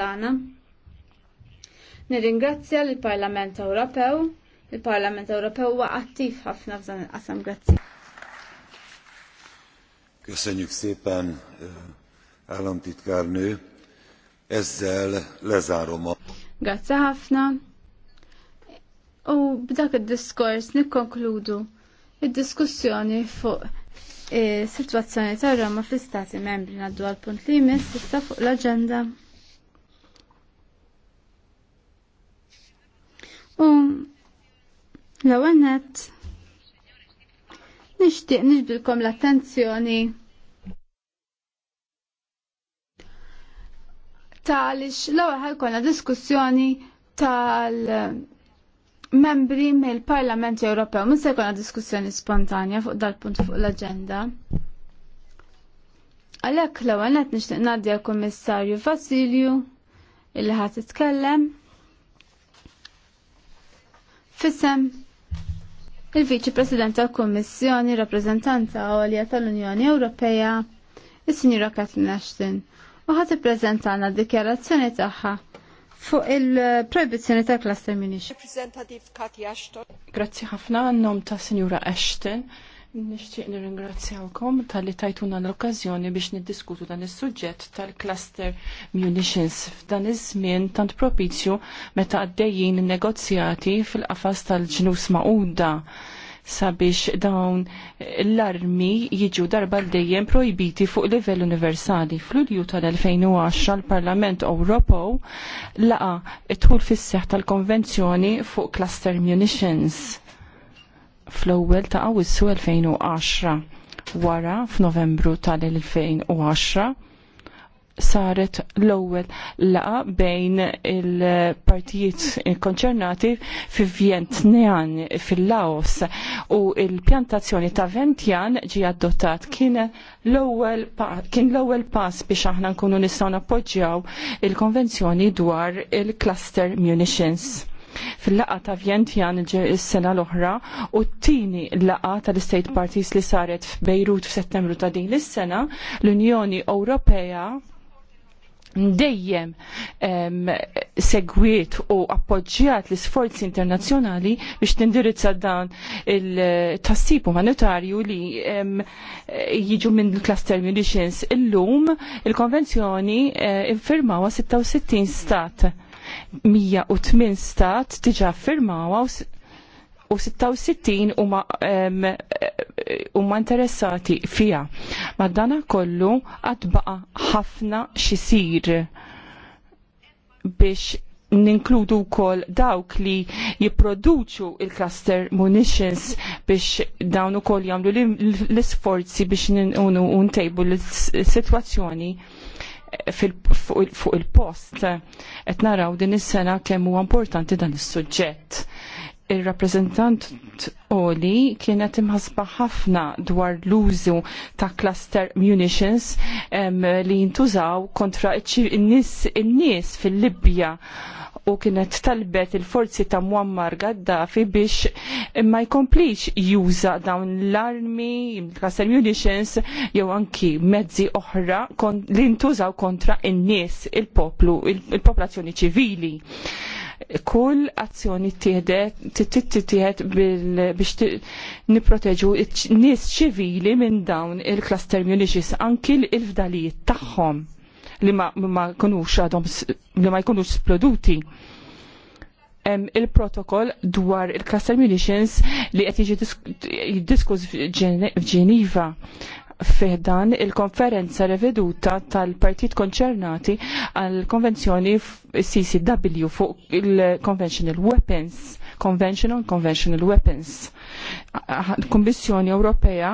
tagħna. Nirringrazzja lill parlament Ewropew. Il-Parlament Ewropew huwa attiv ħafna f'dan il-qasam. Grazzi. Köszönjük szépen, eh, államtitkárnő. Ezzel lezárom a... Grazie ħafna. U b'dak id-diskors nikkonkludu id-diskussjoni fuq is-sitwazzjoni eh, tar-Roma fl-Istati Membri ngħaddu għall punt li jmiss issa fuq l-aġenda. U l-ewwel nett nixtieq l-attenzjoni tal-ix l-ewwel ħajkolna diskussjoni tal- membri mill-Parlament Ewropew mhux se jkollna diskussjoni spontanja fuq dal-punt fuq l-aġenda. Għalhekk l-ewwel qed nixtieq ngħaddi għall-Kummissarju Vasilju illi ħadd itkellem. Fissem il-Viċi President tal-Kommissjoni rappreżentanta għolja tal-Unjoni Ewropea, il-Sinjura Katin Ashton, u ħat ippreżentana d-dikjarazzjoni tagħha fuq il-proibizzjoni tal-cluster munition. Grazzi ħafna in-nom ta' Sinjura Ashton. Nixtieq nirringrazzjawkom tal-li tajtuna l-okkażjoni biex niddiskutu dan is-suġġett tal-cluster munitions f'dan iż-żmien tant propizju meta għaddejjin negozjati fil-qafas tal-ġnus ma'uda sabiex dawn l-armi jiġu darba l-dejjem projbiti fuq livell universali. Fl-Ulju tal-2010 l-Parlament Ewropew laqa it-tul fis-seħ tal-Konvenzjoni fuq cluster munitions fl-ewwel ta' Awwissu 2010. Wara f'Novembru tal-2010 saret l-ewwel laqa bejn il-partijiet konċernati fi Vjentnean fil-Laos u il-pjantazzjoni ta' Ventjan ġi adottat kien l-ewwel kien l-ewwel pass biex aħna nkunu nistgħu nappoġġjaw il-konvenzjoni dwar il-cluster munitions fil-laqa ta' Vientian is-sena l-oħra u t-tini laqa tal-State Parties li saret f'Bejrut f'Settembru ta' din is-sena l-Unjoni Ewropea dejjem segwiet u appoġġjat l isforzi internazzjonali biex tindirizza dan il-tassib umanitarju li jiġu minn cluster munitions illum il-konvenzjoni eh, infirmawa 66 stat 108 stat diġa firmawa u 66 huma huma interessati fija. Ma dana kollu qatt baqa ħafna xisir biex ninkludu wkoll dawk li jipproduċu il-cluster munitions biex dawn ukoll jagħmlu l isforzi biex nunu untejbu l-situazzjoni fuq il-post qed naraw din is-sena kemm huwa importanti dan is-suġġett il-rappresentant Oli kienet imħasba ħafna dwar l-użu ta' cluster munitions em, li jintużaw kontra in-nies fil-Libja u kienet talbet il-forzi ta' Muammar Gaddafi biex ma jkomplix juża dawn l-armi, cluster munitions, jew anki mezzi oħra li ntużaw kontra in-nies, il-poplu, il-popolazzjoni ċivili kull azzjoni tieħed biex niproteġu nies ċivili minn dawn il-cluster munitions anki l-fdalijiet tagħhom li ma jkunux għadhom li ma jkunux sploduti. Il-protokoll dwar il-cluster munitions li qed jiġi jiddiskuss f'Ġeniva fiħdan il-konferenza reveduta tal-partit konċernati għal-konvenzjoni CCW fuq il-Conventional Weapons, Convention on Conventional Weapons. il kommissjoni Ewropea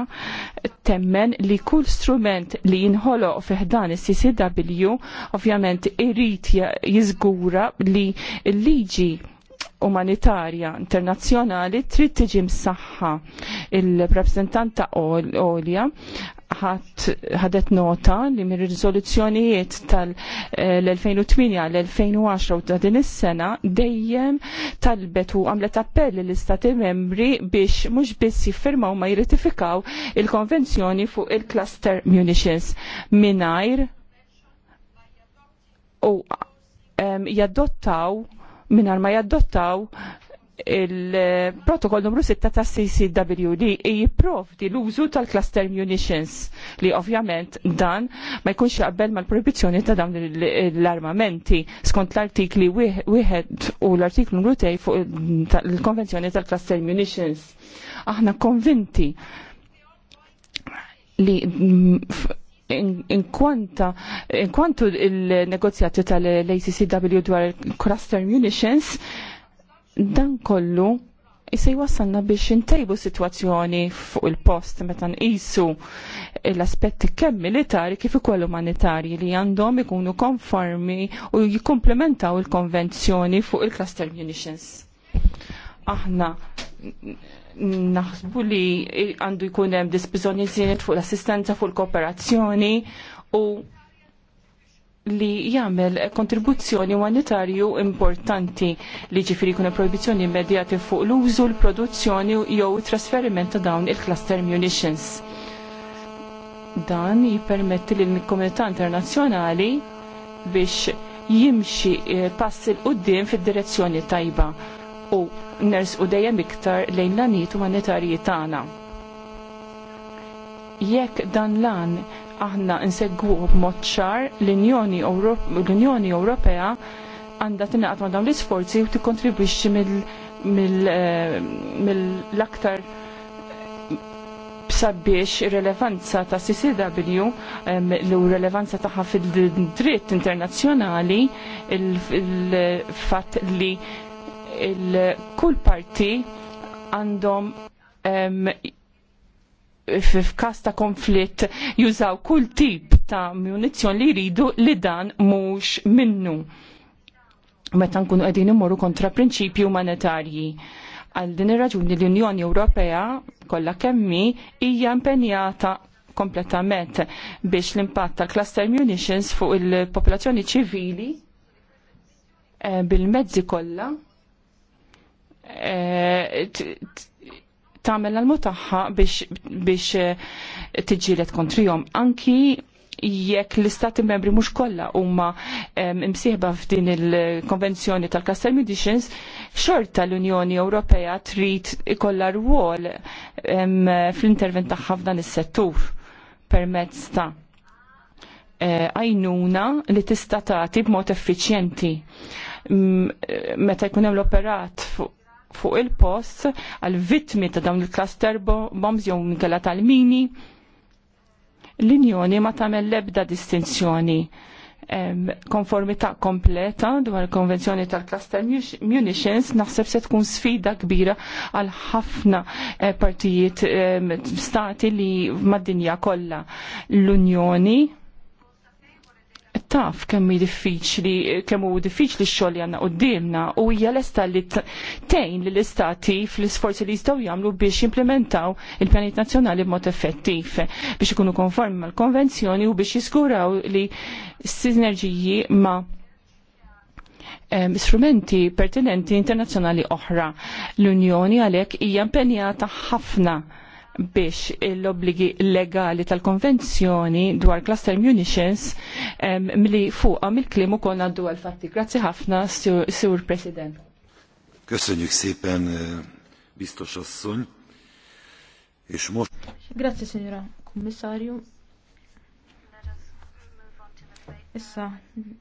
temmen li kull strument li jinħolo fiħdan il-CCW ovvjament irrit jizgura li l-liġi umanitarja internazzjonali trid tiġi msaħħa il-rappresentanta Olja ħadet nota li mir riżoluzzjonijiet tal-2008 eh, l-2010 u ta' din is-sena dejjem talbet u għamlet appell l-istati membri biex mhux biss jiffirmaw ma jirritifikaw il-konvenzjoni fuq il-cluster munitions mingħajr u jadottaw minar ma jaddottaw il-protokoll numru 6 ta' CCW li jiprovdi l-użu tal-cluster munitions li ovvjament dan ma jkunx jaqbel mal proibizzjoni ta' dawn l-armamenti skont l-artikli wieħed u l-artiklu numru tej fuq il-konvenzjoni tal-cluster munitions. Aħna konvinti li inkwanta in inkwantu il-negozjati tal-ACCW dwar cluster munitions dan kollu jisaj wasanna biex intejbu situazzjoni fuq il-post meta nqisu l-aspetti kemm militari kif ukoll umanitarji li għandhom ikunu konformi u jikkumplementaw il-konvenzjoni fuq il-cluster munitions. Aħna naħsbu li għandu jkun hemm disbiżonji iżjed fuq l-assistenza fuq l-kooperazzjoni u li jagħmel kontribuzzjoni umanitarju importanti li ġifieri jkun hemm proibizzjoni immedjati fuq l-użu, l-produzzjoni jew it trasferiment ta' dawn il-cluster munitions. Dan jippermetti lill komunità internazzjonali biex jimxi eh, passi l qudiem fid-direzzjoni tajba u nersqu dejjem iktar lejn l u umanitarji tagħna. Jekk dan lan aħna nsegwu b'mod ċar l-Unjoni Ewropea għandha tingħaqad ma' dawn l-isforzi u tikkontribwixxi eh, mill-aktar eh, sabiex ir-relevanza ta' CCW eh, l relevanza ta' fil-dritt internazzjonali il fat li il-kull parti għandhom f'każ ta' konflitt jużaw kull tip ta' munizzjon li jridu li dan mhux minnu. Meta nkunu qegħdin immorru kontra prinċipji umanitarji. Għal din ir-raġuni l-Unjoni Ewropea kollha kemmi hija impenjata kompletament biex l-impatt tal-cluster munitions fuq il-popolazzjoni ċivili eh, bil-mezzi kollha Eh, tagħmel l tagħha biex eh, tiġilet kontrihom anki jekk l-istati membri mhux kollha huma msieħba f'din il-konvenzjoni tal-Castel Medicines, xorta l-Unjoni Ewropea trid ikollha rwol fl-intervent tagħha f'dan is-settur permezz ta' eh, għajnuna li tista' tagħti b'mod effiċjenti meta jkun hemm l-operat fuq fuq il-post għal vittmi ta' dawn il-cluster bombs jew minkella tal-mini. L-Unjoni ma tagħmel l-ebda distinzjoni konformità kompleta dwar il-konvenzjoni tal-cluster munitions naħseb se tkun sfida kbira għal ħafna eh, partijiet stati li mad-dinja kollha l-Unjoni taf kemm diffiċli, kemm hu diffiċli x-xogħol li għandna qudiemna u hija lesta li tgħin lill istati fl-isforzi li jistgħu jagħmlu biex jimplementaw il-pjanijiet nazzjonali b'mod effettiv biex ikunu konformi mal-konvenzjoni u biex jiskuraw li sinerġiji ma' strumenti pertinenti internazzjonali oħra. L-Unjoni għalhekk hija impenjata ħafna biex l obbligi legali tal-konvenzjoni dwar cluster munitions milli fuqa mill-klim ukoll għaddu għal-fatti. Grazzi ħafna, Sur President. Köszönjük szépen, eh, biztos asszony. És most... Grazie, signora kommissarju. Issa,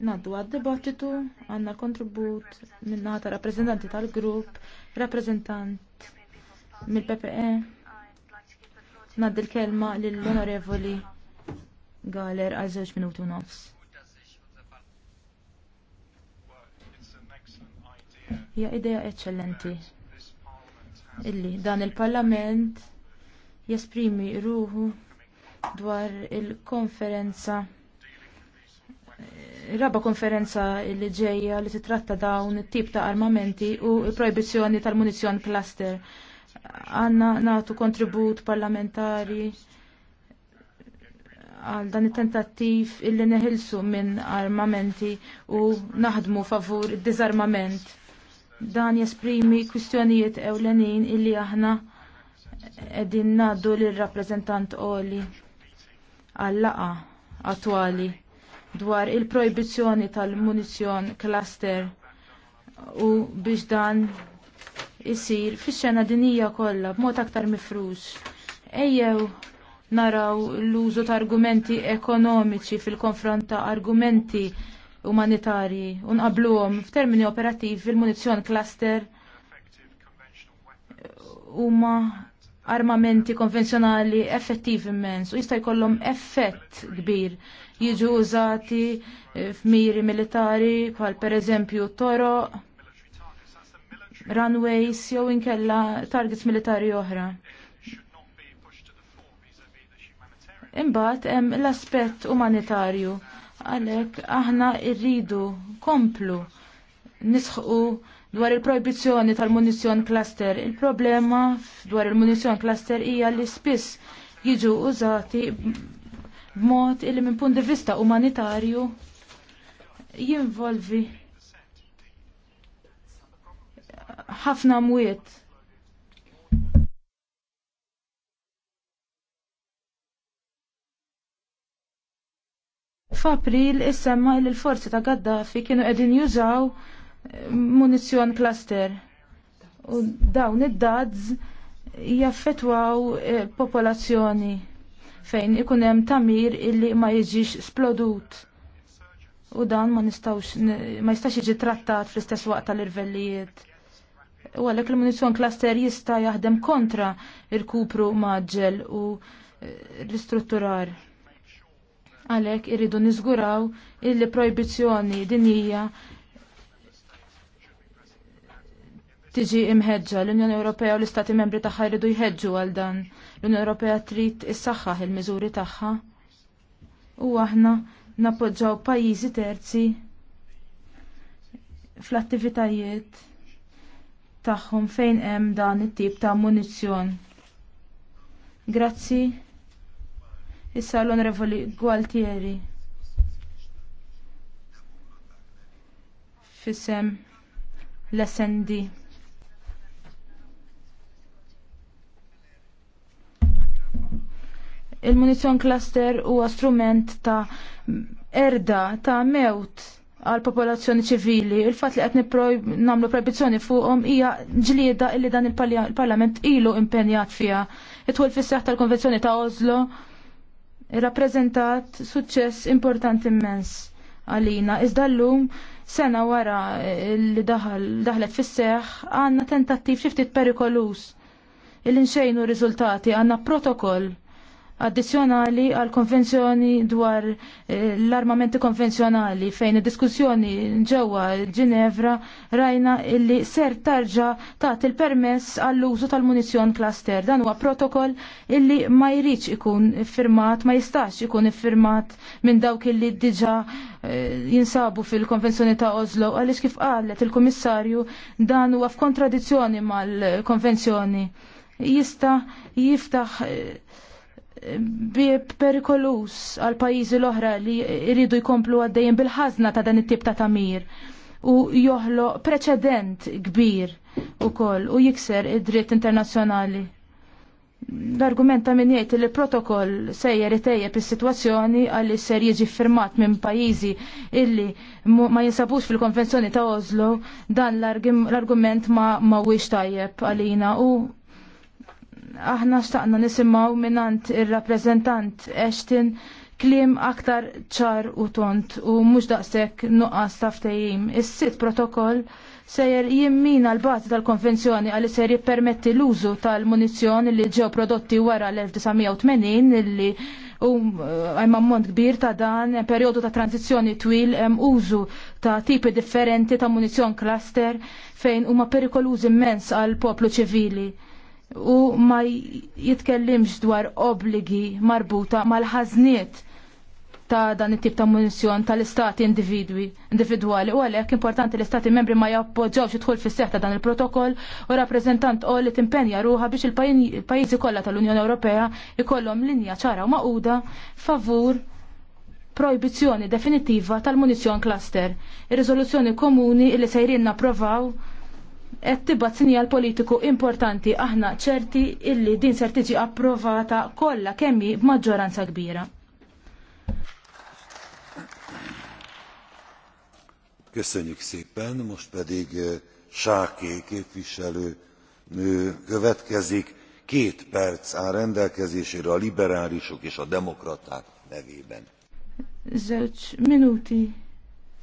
naddu għad-debattitu, għanna kontribut minna ta' rappresentanti tal-grupp, rappresentant mill-PPE, Nad il-kelma lill-onorevoli Galer għal żewġ minuti nofs. Hija idea eċċellenti illi dan il-Parlament jesprimi ruħu dwar il-konferenza raba konferenza li ġejja li titratta dawn it-tip ta' armamenti u l projbizzjoni tal munizjon cluster għanna natu kontribut parlamentari għal dan it-tentattiv illi neħilsu minn armamenti u naħdmu favur id-dizarmament. Dan jesprimi kwistjonijiet ewlenin illi aħna edin naddu l-rappresentant Oli għall-laqa attwali dwar il-projbizjoni tal-munizjon cluster u biex dan isir fix-xena dinija kollha b'mod aktar mifrux. Ejjew naraw l-użu ta' argumenti ekonomiċi fil-konfront ta' argumenti umanitarji u nqabluhom f'termini operattivi fil munizzjon cluster huma armamenti konvenzjonali effettiv immens u jista' jkollhom effett kbir jiġu użati f'miri militari bħal pereżempju toroq runways jew inkella targets militari oħra. Imbagħad hemm l-aspett umanitarju għalhekk aħna rridu komplu nisħu dwar il-proibizzjoni tal-munizjon cluster. Il-problema dwar il-munizjon cluster hija li spiss jiġu użati b'mod illi minn punt di vista umanitarju jinvolvi ħafna mwiet. F'April issemma il forzi ta' Gaddafi kienu qegħdin jużaw eh, munizzjon cluster. U dawn id dadz jaffetwaw eh, popolazzjoni fejn ikun hemm tamir illi ma jiġix splodut. U dan ma nistawx ma jistax jiġi trattat fl-istess waqt tal-irvellijiet u għalhekk l munizjon klaster jista' jaħdem kontra il-kupru maġġel u l-istrutturar. Eh, għalhekk irridu niżguraw illi projbizzjoni dinija tiġi imħedġa l-Unjoni Ewropea u l-Istati Membri tagħha jridu jħeġġu għal dan. L-Unjoni Ewropea trid issaħħaħ il-miżuri tagħha. U aħna nappoġġaw pajjiżi terzi fl-attivitajiet tagħhom fejn hemm dan it-tip ta' munizzjon. Grazzi. Issa l-Onorevoli Gualtieri. Fisem l-SND. Il-munizzjon cluster huwa strument ta' erda ta' mewt għal popolazzjoni ċivili. Il-fat li qed nagħmlu proibizzjoni fuqhom hija ġlieda illi dan il-Parlament ilu impenjat fiha. Itħol fis-seħħ tal-Konvenzjoni ta' Oslo rappresentat suċċess importanti immens għalina. Iżda llum sena wara li daħlet fis-seħħ għandna tentattiv xiftit perikolus. Il-inxejnu riżultati għandna protokoll addizzjonali għal konvenzjoni dwar eh, l-armamenti konvenzjonali fejn id-diskussjoni ġewwa Ġinevra rajna illi ser tarġa taħt il-permess għall-użu tal-munizzjon klaster. Dan huwa protokoll illi ma jridx ikun firmat, ma jistax ikun firmat minn dawk illi diġa eh, jinsabu fil-konvenzjoni ta' Oslo għaliex kif qalet il-Kummissarju dan huwa f'kontradizzjoni mal-konvenzjoni jista' jiftaħ eh, bib perikolus għal pajjiżi l-oħra li jridu jkomplu għaddejjem bil-ħazna ta' dan it-tip ta' tamir u joħlo preċedent kbir u koll u jikser id-dritt internazzjonali. L-argument ta' min jgħid li protokoll sejjer itejjeb is-sitwazzjoni għalli ser jiġi firmat minn pajjiżi illi ma jinsabux fil-konvenzjoni ta' Oslo dan l-argument ma' mawiex tajjeb għalina u aħna xtaqna nisimaw minant il-rappresentant Ashton klim aktar ċar u tont u mux daqsek nuqqas taftajim. Is-sit protokoll sejjer jimmina l-bazz tal-konvenzjoni għalli se jippermetti l-użu tal-munizjoni li ġew prodotti wara l-1980 li u għajm eh, ammont kbir ta' dan, periodu ta' tranzizjoni twil, użu ta' tipi differenti ta' munizjon cluster fejn huma perikolużi immens għal poplu ċivili u ma jitkellimx dwar obligi marbuta mal-ħażniet ta' dan it-tip ta' munizzjon tal-istati individwi, individwali u għalhekk importanti l-istati membri ma jappoġġawx idħol fis seħħ ta' dan il-protokoll u rappreżentant u li timpenja ruħa biex il-pajjiżi kollha tal-Unjoni Ewropea ikollhom linja ċara u maquda favur proibizzjoni definitiva tal munizzjon cluster. Ir-riżoluzzjoni komuni li sejrin napprovaw qed tibgħat sinjal politiku importanti aħna ċerti illi din ser tiġi approvata kollha kemm hi b'maġġoranza kbira. Köszönjük szépen, most pedig eh, Sáké képviselő nő következik. Két perc áll rendelkezésére a liberálisok és a demokraták nevében. Zöcs minúti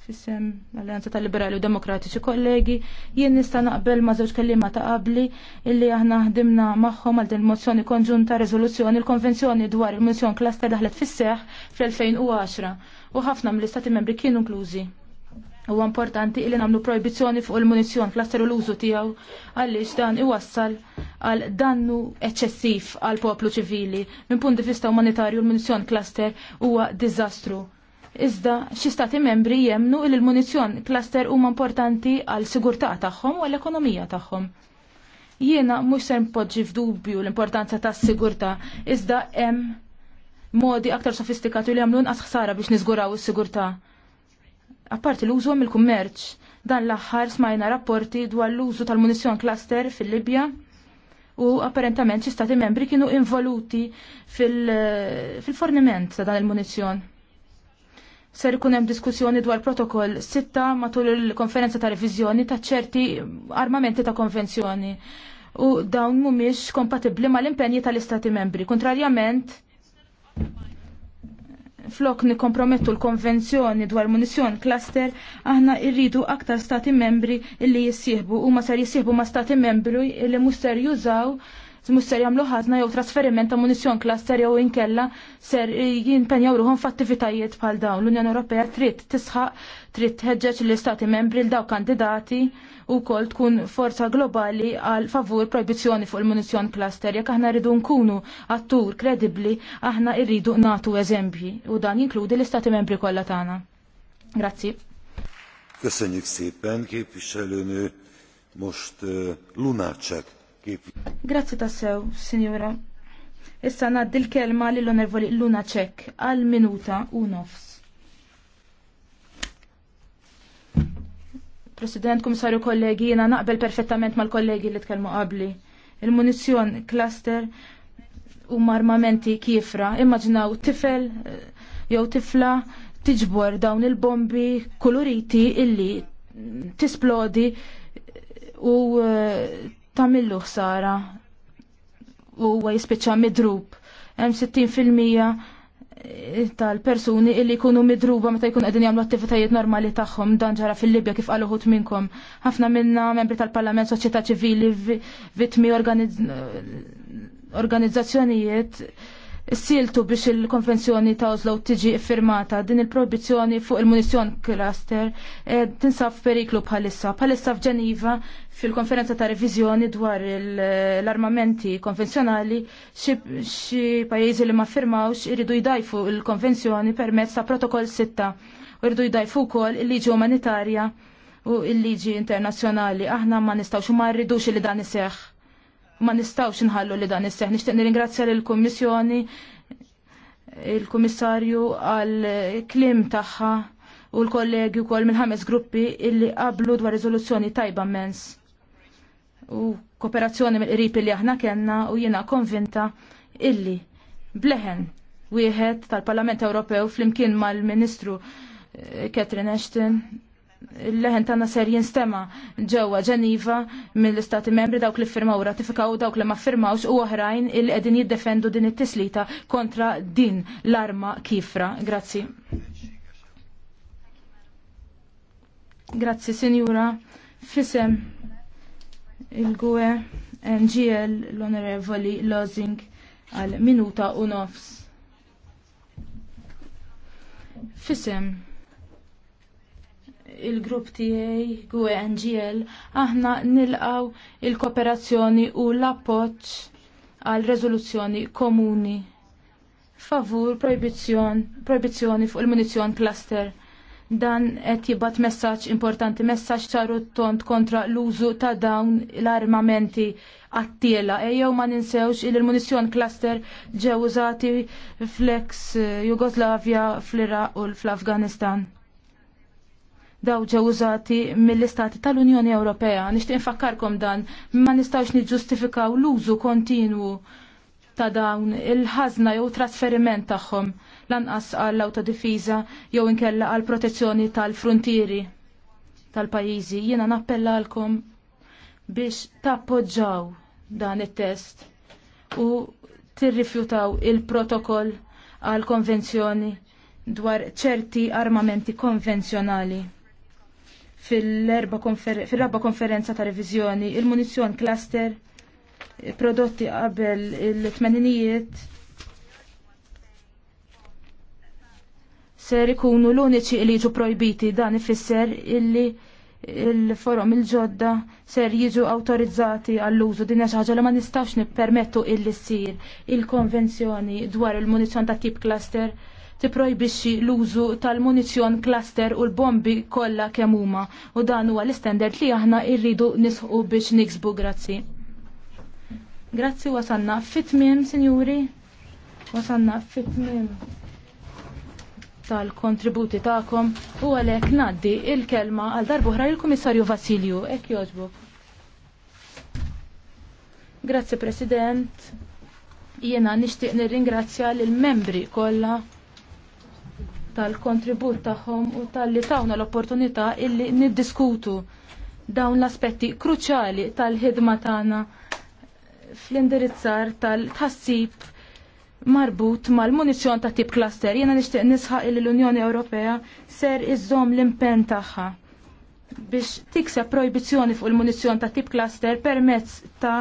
fissem l-Alleanza tal-Liberali u Demokratiċi kollegi, jien nista' naqbel ma' żewġ kelliema ta' qabli illi aħna ħdimna magħhom għal din mozzjoni konġunta riżoluzzjoni l-konvenzjoni dwar il-missjon cluster daħlet fis-seħ fl-2010 u ħafna mill-istati membri kienu inklużi. Huwa importanti illi nagħmlu proibizzjoni fuq il-munizzjon cluster u l-użu tiegħu għaliex dan iwassal għal dannu eċċessiv għal poplu ċivili. Minn punt di vista umanitarju l-munizzjon cluster huwa diżastru iżda xi stati membri jemnu il l-munizzjon cluster huma importanti għal sigurtà tagħhom u l-ekonomija tagħhom. Jiena mhux se npoġġi f'dubju l-importanza tas-sigurtà iżda hemm modi aktar sofistikati li jagħmlu nqas ħsara biex niżguraw is-sigurtà. Apparti l-użu mill-kummerċ, dan l-aħħar smajna rapporti dwar l-użu tal-munizzjon cluster fil-Libja u apparentament xi stati membri kienu involuti fil-forniment fil ta' dan il-munizzjon ser ikun hemm diskussjoni dwar protokoll sitta matul il-konferenza ta' reviżjoni ta' ċerti armamenti ta' konvenzjoni. U dawn mhumiex kompatibbli mal-impenji tal-Istati membri. Kontrarjament, flok nikkompromettu l-konvenzjoni dwar munizjoni cluster, aħna irridu aktar stati membri illi jissieħbu u ma ser jissieħbu ma stati membri illi muster jużaw mhux ser jagħmlu ħażna jew trasferiment ta' munizjon cluster jew inkella ser jimpenjaw ruħhom f'attivitajiet bħal dawn. L-Unjoni Ewropea trid tisħaq trid tħeġġeġ l-istati membri l daw kandidati u kol tkun forza globali għal favur proibizzjoni fuq il munizjon cluster jekk aħna rridu nkunu attur kredibbli aħna rridu natu eżempji u dan jinkludi l-istati membri kollha tagħna. Grazzi. Köszönjük szépen, képviselőnő. Most uh, eh, Lunácsek kif. Grazzi tassew, signora. Issa naddi l-kelma lill onervoli Luna Ċek għal minuta u nofs. President, Komissarju kollegi, jena naqbel perfettament mal-kollegi li tkellmu qabli. Il-munizjon cluster u marmamenti kifra. Immaġinaw tifel eh, jew tifla tiġbor dawn il-bombi kuluriti illi tisplodi u eh, tamillu ħsara u huwa jispiċċa midrub. Hemm 60% eh, tal-persuni illi jkunu midruba meta jkun qegħdin jagħmlu attivitajiet normali tagħhom dan ġara fil-Libja kif qalu ħut minnkom. Ħafna minna membri tal-Parlament, soċjetà ċivili, vittmi organizzazzjonijiet siltu biex il-konvenzjoni ta' Oslo tiġi firmata din il-proibizjoni fuq il-munizjon cluster eh, tinsab periklu bħalissa. Bħalissa f'Ġeniva fil-konferenza ta' revizjoni dwar l-armamenti konvenzjonali xi pajjiżi li ma firmawx iridu jdajfu il-konvenzjoni permezz ta' protokoll 6 u iridu jdajfu wkoll il-liġi umanitarja u il-liġi internazzjonali. Aħna ma nistgħux u ma rridux li dan iseħħ ma nistawx nħallu li dan isseħ. Nixtieq nirringrazzja lill-Kummissjoni il-Kummissarju għal klim tagħha u l-kollegi wkoll minn ħames gruppi illi qablu dwar riżoluzzjoni tajba mens u kooperazzjoni mill-qrib li aħna kellna u jiena konvinta illi bleħen wieħed tal-Parlament Ewropew flimkien mal-Ministru eh, Catherine Ashton il-leħen tana ser jinstema ġewwa Ġeniva mill-istati membri dawk li firmaw ratifikaw dawk li ma firmawx u oħrajn il qegħdin jiddefendu din it-tislita kontra din l-arma kifra. Grazzi. Grazzi, Signora. Fisem il-gwe NGL l-Onorevoli Lozing għal minuta u nofs. Fisem il-grupp tiegħi GUE NGL aħna nilqaw il-kooperazzjoni u l-appoġġ għal rezoluzzjoni komuni favur proibizzjoni fuq il-munizjon cluster. Dan qed jibgħat messaġġ importanti, messaġġ ċaru tont kontra l-użu ta' dawn l-armamenti għattiela. Ejjew ma ninsewx il munizjon cluster ġew użati fl-ex Jugoslavja, fl-Iraq u fl-Afganistan daw ġew użati mill-istati tal-Unjoni Ewropea. Nixtieq infakkarkom dan ma nistgħux niġġustifikaw l-użu kontinwu ta' dawn il-ħażna jew trasferiment tagħhom lanqas għall difiża jew inkella għal protezzjoni tal-frontieri tal-pajjiżi. Jiena nappellalkom biex tappoġġaw dan it-test u tirrifjutaw il-protokoll għal konvenzjoni dwar ċerti armamenti konvenzjonali fil erba konfer fil konferenza ta' revizjoni il-munizjon cluster prodotti qabel il-tmeninijiet ser ikunu l-uniċi li jiġu projbiti dan ifisser illi il-forom il-ġodda ser jiġu autorizzati għall-użu din ħaġa li ma nistax nippermettu illi ssir il-konvenzjoni dwar il-munizzjon ta' tip cluster tipprojbixxi l-użu tal-munizzjon cluster u l-bombi kollha kemm huma u dan huwa l-istandard li aħna rridu nisħu biex niksbu grazzi. Grazzi wasanna fit-tmiem, sinjuri. Wasanna fit-tmiem tal-kontributi ta'kom u għalek naddi il-kelma għal darbuħra il-Komissarju Vasilju. Ek joġbuk. Grazzi President. Jena nixtieq nirringrazzja l-membri kolla tal-kontribut tagħhom u tal-li tawna l-opportunità illi niddiskutu dawn l-aspetti kruċjali tal-ħidma tagħna fl-indirizzar tal-tħassib marbut mal munizzjon ta' tip cluster. Jena nixtieq nisħaq illi l-Unjoni Ewropea ser iżżomm l impenn tagħha biex tikseb projbizzjoni fuq il munizzjon ta' tip cluster permezz ta'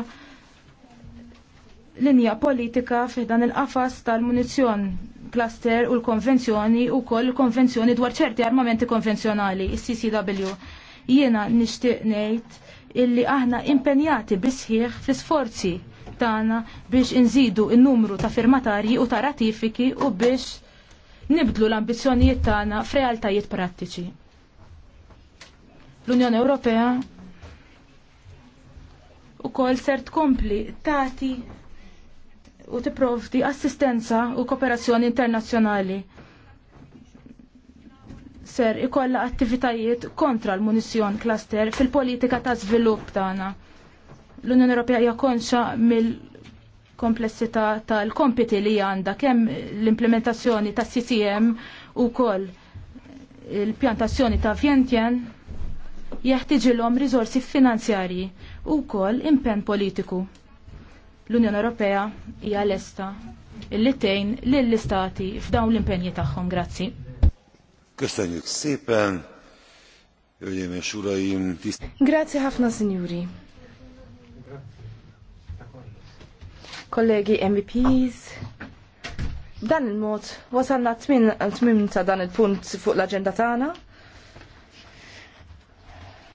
linja politika dan il-qafas tal munizzjon cluster u l-konvenzjoni u koll konvenzjoni dwar ċerti armamenti konvenzjonali, il-CCW. Jiena nishtiq ngħid illi aħna impenjati bisħiħ fl-sforzi tagħna biex inżidu n-numru ta' firmatarji u ta' ratifiki u biex nibdlu l-ambizzjonijiet tagħna f'realtajiet prattiċi. L-Unjoni Ewropea ukoll ser tkompli tagħti u tipprovdi assistenza u kooperazzjoni internazzjonali. Ser ikolla attivitajiet kontra l-munizjon cluster fil-politika ta' żvilupp tagħna. L-Unjoni Ewropea hija konxa mill komplessità tal-kompiti li għandha kemm l-implementazzjoni tas CCM u koll il-pjantazzjoni ta' Vientian jeħtiġilhom riżorsi finanzjarji u koll impenn politiku l-Unjoni Ewropea hija lesta illi litejn lill-istati f'dawn l-impenji tagħhom. Grazzi. Köszönjük szépen, és uraim, Grazie ħafna, signori. Kollegi MEPs, dan il-mod wasalna tmim ta' dan il-punt fuq l-agenda tagħna.